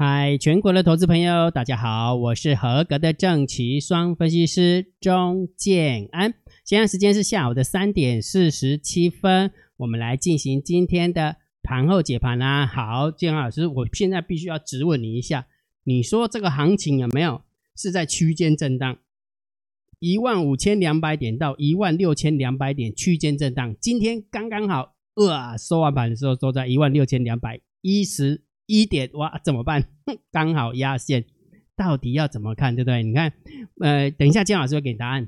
嗨，Hi, 全國的投資朋友，大家好，我是合格的證期雙分析師鍾建安。現在時間是下午的三點四十七分，我們來進行今天的盤後解盤啦、啊。好，建安老師，我現在必須要質問你一下，你說這個行情有沒有是在區間震盪？一萬五千兩百點到一萬六千兩百點區間震盪，今天剛剛好，哇、啊，收完盤的時候都在一萬六千兩百一十。一點哇，怎麼辦？剛好壓線，到底要怎麼看，對不對？你看，呃，等一下建老師會給你答案，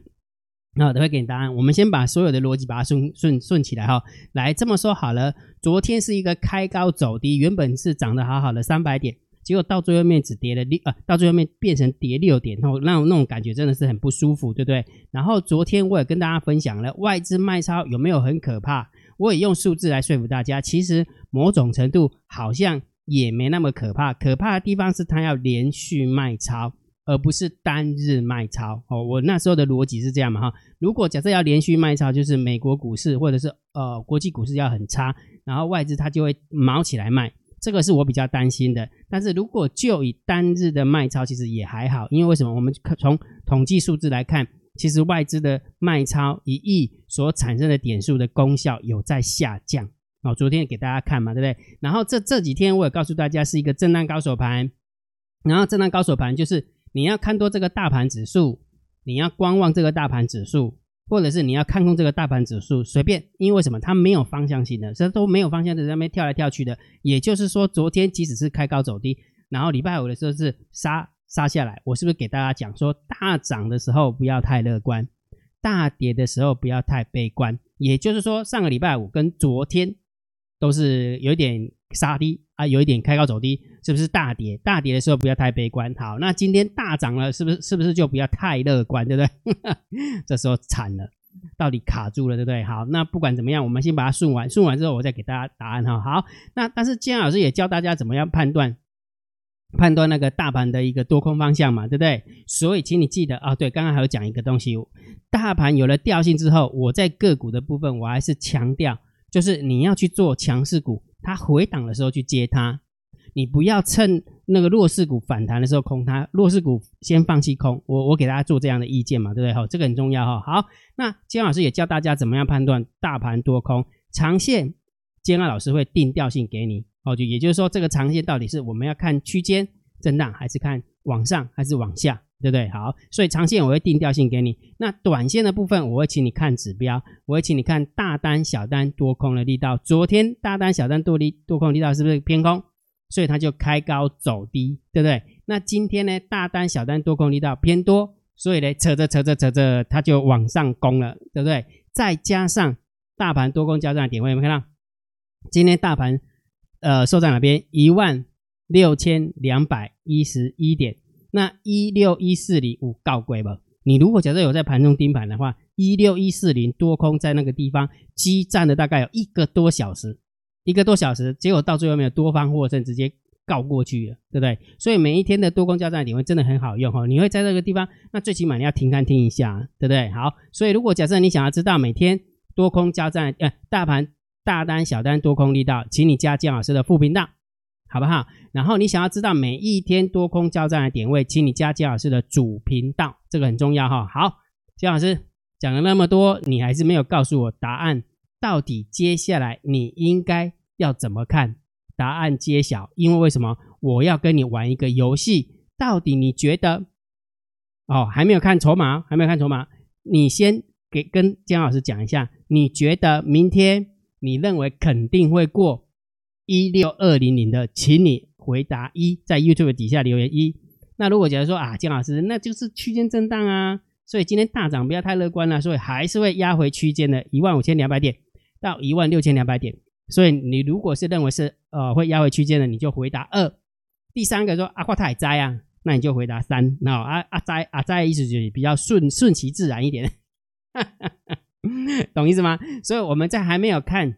啊、哦，他會給你答案。我們先把所有的邏輯把它順順順起來哈。來，這麼說好了，昨天是一個開高走低，原本是漲得好好的三百點，結果到最後面只跌了六，呃，到最後面變成跌六點，然後那種感覺真的是很不舒服，對不對？然後昨天我也跟大家分享了外資賣超有沒有很可怕，我也用數字來說服大家，其實某種程度好像。也沒那麼可怕，可怕的地方是它要連續賣超，而不是單日賣超哦。我那時候的邏輯是這樣嘛哈，如果假設要連續賣超，就是美國股市或者是呃國際股市要很差，然後外資它就會卯起來賣，這個是我比較擔心的。但是如果就以單日的賣超，其實也還好，因為為什麼？我們從統計數字來看，其實外資的賣超一億所產生的點數的功效有在下降。哦，昨天給大家看嘛，對不對？然後這這幾天我也告訴大家是一個震盪高手盤，然後震盪高手盤就是你要看多這個大盤指數，你要觀望這個大盤指數，或者是你要看空這個大盤指數，隨便，因為為什麼？它沒有方向性的，所以它都沒有方向在上面跳來跳去的。也就是說，昨天即使是開高走低，然後禮拜五的時候是殺殺下來，我是不是給大家講說，大漲的時候不要太樂觀，大跌的時候不要太悲觀？也就是說，上個禮拜五跟昨天。都是有一點殺低啊，有一點開高走低，是不是大跌？大跌的時候不要太悲觀。好，那今天大漲了，是不是？是不是就不要太樂觀，對不對？呵呵，這時候慘了，到底卡住了，對不對？好，那不管怎麼樣，我們先把它順完，順完之後我再給大家答案哈。好，那但是今天老師也教大家怎麼樣判斷，判斷那個大盤的一個多空方向嘛，對不對？所以請你記得啊、哦，對，剛剛還有講一個東西，大盤有了調性之後，我在個股的部分我還是強調，就是你要去做強勢股，它回檔的時候去接它，你不要趁那個弱勢股反彈的時候空它，弱勢股先放棄空。我我給大家做這樣的意見嘛，對不對？哈，這個很重要哈、哦。好，那建安老師也教大家怎麼樣判斷大盤多空，長線，建安老師會定調性給你。哦，就也就是說這個長線到底是我們要看區間震盪，還是看往上，還是往下？對不對？好，所以長線我會定調性給你，那短線的部分我會請你看指標，我會請你看大單、小單、多空的力道。昨天大單、小單多力多空力道是不是偏空？所以它就開高走低，對不對？那今天呢，大單、小單多空力道偏多，所以呢，扯着扯着扯着，它就往上攻了，對不對？再加上大盤多空交戰的點位有沒有看到？今天大盤呃收在哪邊？一萬六千兩百一十一點。那一六一四零五告鬼吧，你如果假設有在盤中盯盤的話，一六一四零多空在那個地方激戰了大概有一個多小時，一個多小時，結果到最後沒有多方獲勝，直接告過去了，對不對？所以每一天的多空交戰點位真的很好用哦，你會在那個地方，那最起碼你要停看聽一下，對不對？好，所以如果假設你想要知道每天多空交戰，哎、呃，大盤大單、小單、多空力道，請你加建老師的副頻道。好不好？然後你想要知道每一天多空交戰的點位，請你加薑老師的主頻道，這個很重要哈、哦。好，姜老師講了那麼多，你還是沒有告訴我答案，到底接下來你應該要怎麼看？答案揭曉，因為為什麼我要跟你玩一個遊戲？到底你覺得？哦，還沒有看籌碼，還沒有看籌碼，你先給跟薑老師講一下，你覺得明天你認為肯定會過？一六二零零的，請你回答一，在 YouTube 底下留言一。那如果假如說啊，鍾老師，那就是區間震盪啊，所以今天大漲不要太樂觀了啊，所以還是會壓回區間的一萬五千兩百點到一萬六千兩百點。所以你如果是認為是呃會壓回區間的，你就回答二。第三個說阿華太在啊，那你就回答三。那阿阿在阿在的意思就是比較順順其自然一點， 懂意思嗎？所以我們在還沒有看。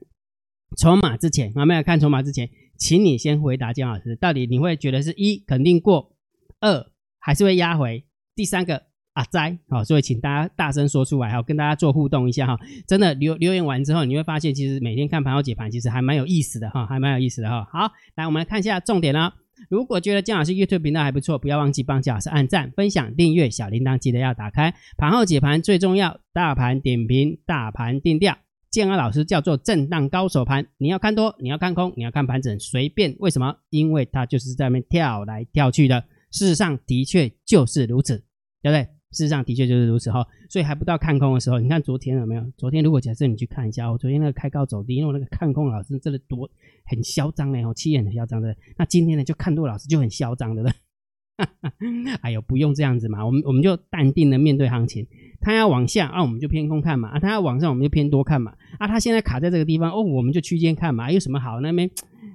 籌碼之前，我們要看籌碼之前，請你先回答江老師，到底你會覺得是一肯定過，二還是會壓回，第三個阿災，好、啊哦，所以請大家大聲說出來，還有跟大家做互動一下哈、哦，真的留留言完之後，你會發現其實每天看盤後解盤其實還蠻有意思的哈、哦，還蠻有意思的哈、哦。好，來我們來看一下重點啦、哦。如果覺得江老師 YouTube 頻道還不錯，不要忘記幫江老師按讚、分享、訂閱小鈴鐺，記得要打開盤後解盤最重要，大盤點評，大盤定調。建安老師叫做震盪高手盤，你要看多，你要看空，你要看盤整，隨便。為什麼？因為它就是在那邊跳來跳去的。事實上的確就是如此，對不對？事實上的確就是如此哈、哦。所以還不到看空的時候。你看昨天有沒有？昨天如果假設你去看一下，我昨天那個開高走低，因為我那個看空的老師真的多，很囂張嘞，我氣焰很囂張的。那今天呢，就看多了老師就很囂張的了，對不對？哈哈， 哎呦，不用這樣子嘛，我們我們就淡定的面對行情。他要往下啊，我們就偏空看嘛；啊，他要往上，我們就偏多看嘛；啊，他現在卡在這個地方哦，我們就區間看嘛。有什麼好？那邊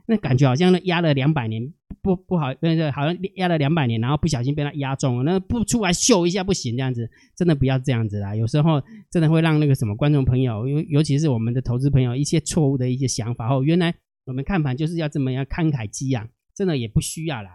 那感覺好像那壓了兩百年，不不好，那個好像壓了兩百年，然後不小心被他壓中了。那不出來秀一下不行，這樣子真的不要這樣子啦。有時候真的會讓那個什麼觀眾朋友，尤尤其是我們的投資朋友一些錯誤的一些想法哦。原來我們看盤就是要這麼樣慷慨激昂、啊，真的也不需要啦。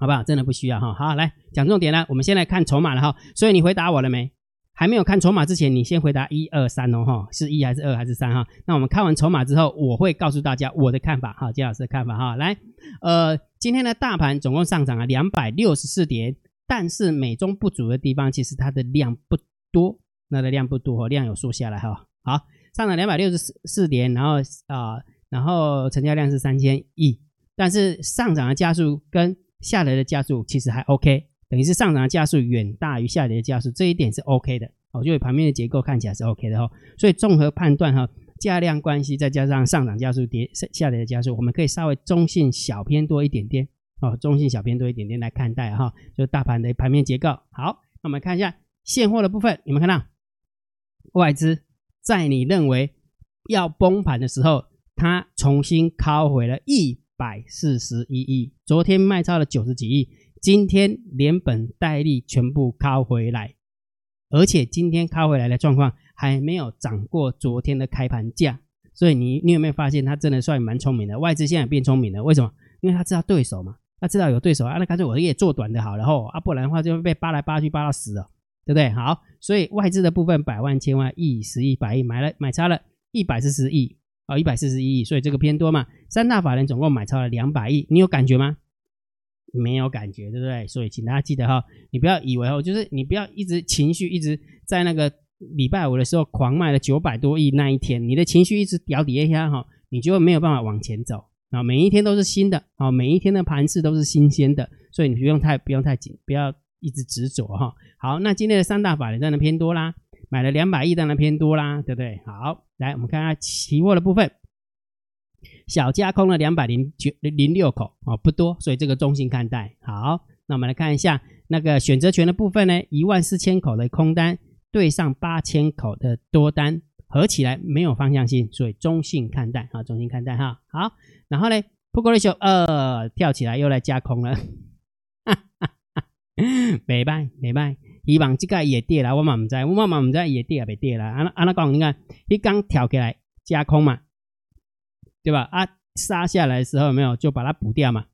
好不好？真的不需要哈。好，來講重點了。我們先來看籌碼了哈。所以你回答我了沒？還沒有看籌碼之前，你先回答一二三哦哈。是一還是二還是三哈？那我們看完籌碼之後，我會告訴大家我的看法哈，鍾老師的看法哈。來，呃，今天的大盤總共上漲了兩百六十四點，但是美中不足的地方，其實它的量不多，那的量不多哈、哦，量有縮下來哈。好，上漲兩百六十四四點，然後啊、呃，然後成交量是三千億，但是上漲的加速跟下跌的加速其實還 OK，等於是上漲的加速遠大於下跌的加速，這一點是 OK 的哦。就以盤面的結構看起來是 OK 的哈，所以綜合判斷哈，價量關係再加上上漲加速、跌、下跌的加速，我們可以稍微中性、小偏多一點點哦，中性、小偏多一點點來看待哈，就大盤的盤面結構。好，那我們看一下現貨的部分，有沒有看到外資在你認為要崩盤的時候，它重新靠回了 E。百四十一億，昨天賣超了九十幾億，今天連本帶利全部靠回來，而且今天靠回來的狀況還沒有漲過昨天的開盤價，所以你你有沒有發現，他真的算蠻聰明的？外資現在變聰明了，為什麼？因為他知道對手嘛，他知道有對手啊，那乾脆我也做短的好了，然後啊，不然的話就會被扒來扒去，扒到死的，對不對？好，所以外資的部分，百萬、千萬、億、十億、百億買了買超了一百四十億。哦，一百四十一億，所以這個偏多嘛。三大法人總共買超了兩百億，你有感覺嗎？沒有感覺，對不對？所以請大家記得哈，你不要以為哦，就是你不要一直情緒一直在那個禮拜五的時候狂賣了九百多億那一天，你的情緒一直掉底下哈，你就沒有辦法往前走。那每一天都是新的，每一天的盤勢都是新鮮的，所以你不用太不用太緊，不要一直執着哈。好，那今天的三大法人真的偏多啦。買了兩百億，當然偏多啦，對不對？好，來我們看看期貨的部分，小加空了兩百零九零六口哦，不多，所以這個中性看待。好，那我們來看一下那個選擇權的部分呢，一萬四千口的空單對上八千口的多單，合起來沒有方向性，所以中性看待哈，啊，中性看待哈。好，然後呢，破個歷秀二跳起來又來加空了，哈哈哈沒敗沒以往這個也跌了，我嘛唔知，我嘛唔知也跌也別跌了。安那那你看，你剛跳起來加空嘛，對吧？啊，殺下來的時候有沒有就把它補掉嘛，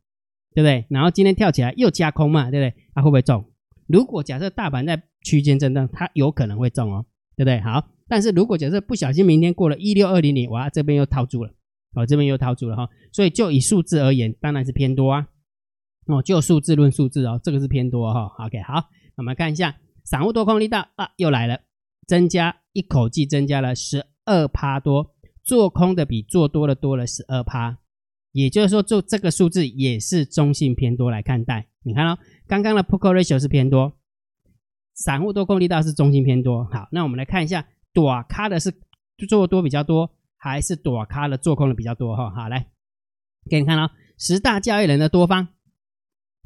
對不對？然後今天跳起來又加空嘛，對不對？它、啊、會不會中？如果假設大盤在區間震盪，它有可能會中哦，對不對？好，但是如果假設不小心明天過了一六二零零哇，這邊又套住了，哦這邊又套住了哈、哦。所以就以數字而言，當然是偏多啊。哦，就數字論數字哦，這個是偏多哈、哦。OK，好，我們看一下。散戶多空力道啊，又來了，增加一口氣增加了十二趴多，做空的比做多的多了十二趴，也就是說做這個數字也是中性偏多來看待。你看哦，剛剛的 P/C Ratio 是偏多，散戶多空力道是中性偏多。好，那我們來看一下，大咖的是就做多比較多，還是大咖的做空的比較多？哈，好，來給你看哦，十大交易人的多方，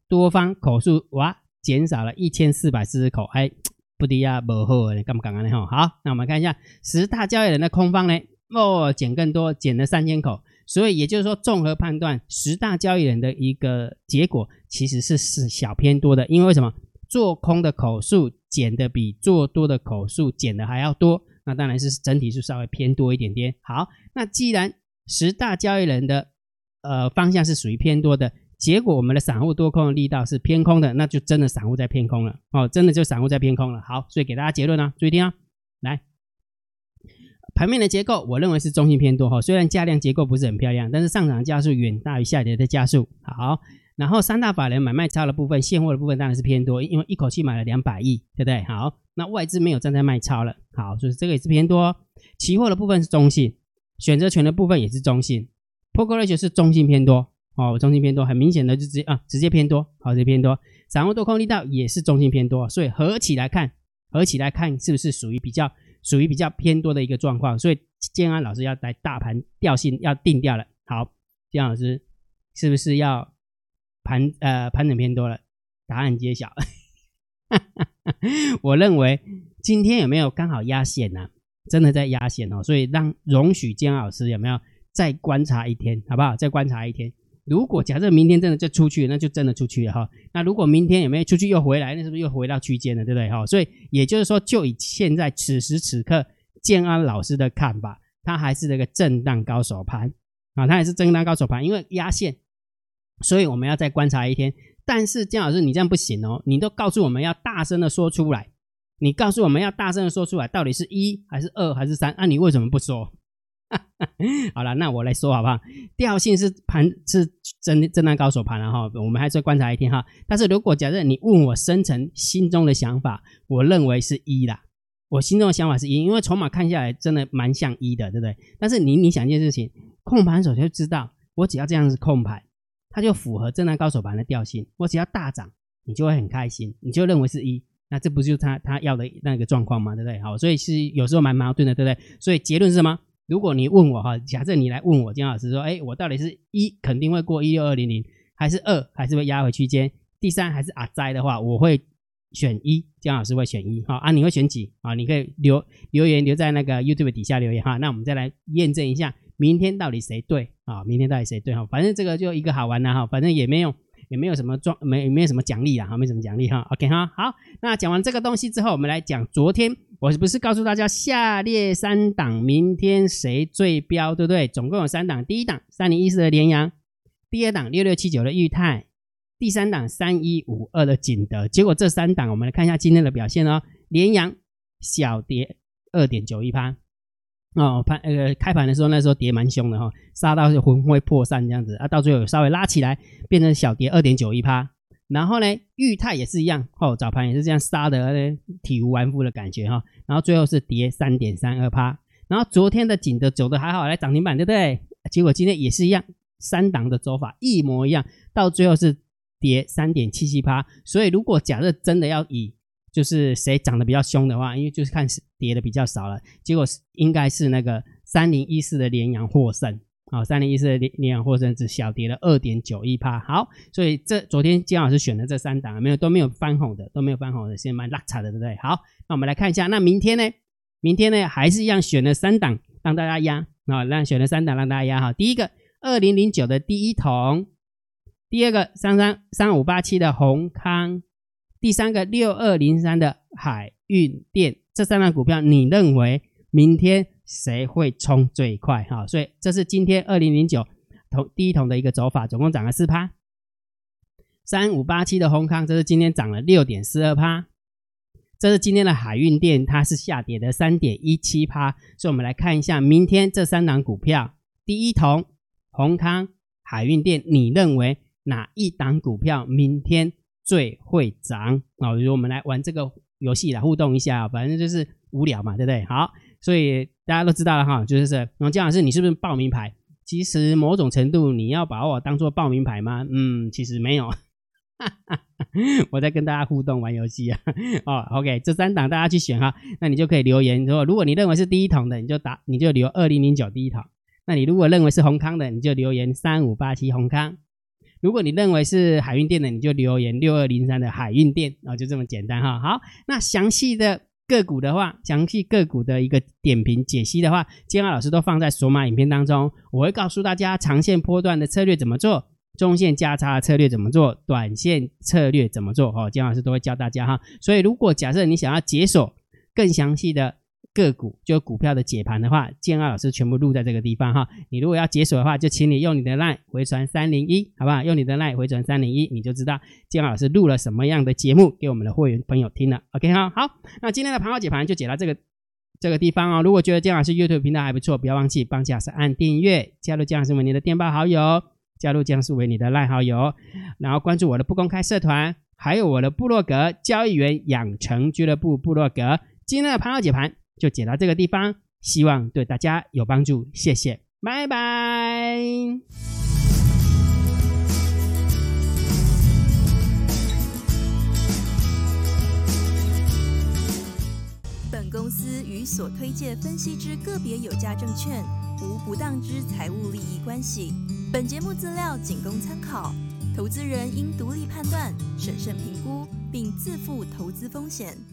多方口數，哇。減少了一千四百四十口，哎，不低呀，啊，無好，啊，你幹嘛幹啊你好，那我們看一下十大交易人的空方呢？哦，減更多，減了三千口，所以也就是說，綜合判斷十大交易人的一個結果，其實是是小偏多的。因為為什麼？做空的口數減的比做多的口數減的還要多，那當然是整體是稍微偏多一點點。好，那既然十大交易人的呃方向是屬於偏多的。結果我們的散戶多空的力道是偏空的，那就真的散戶在偏空了哦，真的就散戶在偏空了。好，所以給大家結論啊，注意聽啊、哦，來，盤面的結構我認為是中性偏多哈，雖然價量結構不是很漂亮，但是上漲的加速遠大於下跌的加速。好，然後三大法人買賣超的部分，現貨的部分當然是偏多，因為一口氣買了兩百億，對不對？好，那外資沒有站在賣超了，好，所以這個也是偏多、哦。期貨的部分是中性，選擇權的部分也是中性，Put Call Ratio 是中性偏多。哦，中性偏多，很明顯的就直接啊，直接偏多，好，直接偏多，散戶多空力道也是中性偏多，所以合起來看，合起來看是不是屬於比較屬於比較偏多的一個狀況？所以建安老師要來大盤調性要定調了，好，建安老師是不是要盤呃盤整偏多了？答案揭曉， 我認為今天有沒有剛好壓線呢？真的在壓線哦，所以讓容許建安老師有沒有再觀察一天，好不好？再觀察一天。如果假設明天真的就出去，那就真的出去了哈。那如果明天有沒有出去又回來，那是不是又回到區間了，對不對哈？所以也就是說，就以現在此時此刻建安老師的看法，他還是這個震盪高手盤啊，他還是震盪高手盤，因為壓線，所以我們要再觀察一天。但是姜老師，你這樣不行哦，你都告訴我們要大聲的說出來，你告訴我們要大聲的說出來，到底是一還是二還是三？那你為什麼不說？哈哈，好了，那我來說好不好？調性是盤是，正震盪高手盤、啊，然後我們還是觀察一天哈。但是如果假設你問我深層心中的想法，我認為是一啦。我心中的想法是一，因為籌碼看下來真的蠻像一的，對不對？但是你你想一件事情，控盤手就知道，我只要這樣子控盤，它就符合震盪高手盤的調性。我只要大漲，你就會很開心，你就認為是一。那這不就他他要的那個狀況嗎？對不對？好，所以是有時候蠻矛盾的，對不對？所以結論是什麼？如果你問我哈，假設你來問我，江老師說，哎，我到底是一肯定會過一六二零零，還是二，還是會壓回區間，第三還是啊災的話，我會選一，江老師會選一，好啊，你會選幾啊？你可以留留言留在那個 YouTube 底下留言哈、啊，那我們再來驗證一下，明天到底誰對啊？明天到底誰對哈？反正這個就一個好玩的、啊、哈，反正也沒用。也沒有什麼裝，沒沒有什麼獎勵啊，哈，沒什麼獎勵哈，OK 哈，好，那講完這個東西之後，我們來講昨天，我是不是告訴大家下列三檔明天誰最飆？對不對？總共有三檔，第一檔三零一四的聯陽，第二檔六六七九的鈺太，第三檔三一五二的璟德。結果這三檔，我們來看一下今天的表現哦，聯陽小跌二點九一趴。哦，盤呃，開盤的時候那時候跌蠻凶的哈、哦，殺到是魂飛魄散這樣子啊，到最後稍微拉起來，變成小跌二點九一趴。然後呢，裕泰也是一樣，哦，早盤也是這樣殺的，體無完膚的感覺哈、哦，然後最後是跌三點三二趴。然後昨天的錦的走得還好，來漲停板對不對？結果今天也是一樣，三檔的走法一模一樣，到最後是跌三點七七趴。所以如果假設真的要以就是誰漲得比較凶的話，因為就是看跌的比較少了，結果是應該是那個三零一四的聯陽獲勝啊，三零一四的聯陽獲勝，哦、的獲勝只小跌了二點九一趴。好，所以這昨天姜老師選的這三檔沒有都沒有翻紅的，都沒有翻紅的，現在蠻拉垮的，對不對？好，那我們來看一下，那明天呢？明天呢，還是一樣選、哦、選了三檔讓大家壓啊，讓選了三檔讓大家壓哈。第一個二零零九的第一銅，第二個三三三五八七的閎康。第三個六二零三的海運電，這三檔股票你認為明天誰會衝最快？哈，所以這是今天二零零九第一桶的一個走法，總共漲了四趴。三五八七的鴻康，這是今天漲了六點四二趴。這是今天的海運電，它是下跌的三點一七趴。所以我們來看一下，明天這三檔股票，第一桶、鴻康、海運電，你認為哪一檔股票明天？最會漲、哦、我們來玩這個遊戲來互動一下，反正就是無聊嘛，對不對？好，所以大家都知道了哈，就是說姜老師，你是不是報名牌？其實某種程度，你要把我當做報名牌嗎？嗯，其實沒有哈哈，我在跟大家互動玩遊戲啊。哦，OK，這三檔大家去選哈，那你就可以留言說，如果你認為是第一銅的，你就打，你就留二零零九第一銅。那你如果認為是閎康的，你就留言三五八七閎康。如果你認為是海運電的，你就留言六二零三的海運電，然後就這麼簡單哈。好，那詳細的個股的話，詳細個股的一個點評解析的話，建安老師都放在索馬影片當中，我會告訴大家長線波段的策略怎麼做，中線價差的策略怎麼做，短線策略怎麼做，哦，建安老師都會教大家哈。所以，如果假設你想要解鎖更詳細的，個股就股票的解盤的話，建安老師全部錄在這個地方哈。你如果要解鎖的話，就請你用你的 line 回傳三零一，好不好？用你的 line 回傳三零一，你就知道建安老,老師錄了什麼樣的節目給我們的會員朋友聽了。OK 哈，好,好，那今天的盤後解盤就解到這個這個地方哦。如果覺得建老師 YouTube 頻道還不錯，不要忘記幫建老師按訂閱，加入建老師為你的電報好友，加入建老師為你的賴好友，然後關注我的不公開社團，還有我的部落格交易員養成俱樂部部落格。今天的盤後解盤。就解到這個地方，希望對大家有幫助，謝謝，拜拜。本公司與所推介分析之個別有價證券無不當之財務利益關係。本節目資料僅供參考，投資人應獨立判斷、審慎評估，並自負投資風險。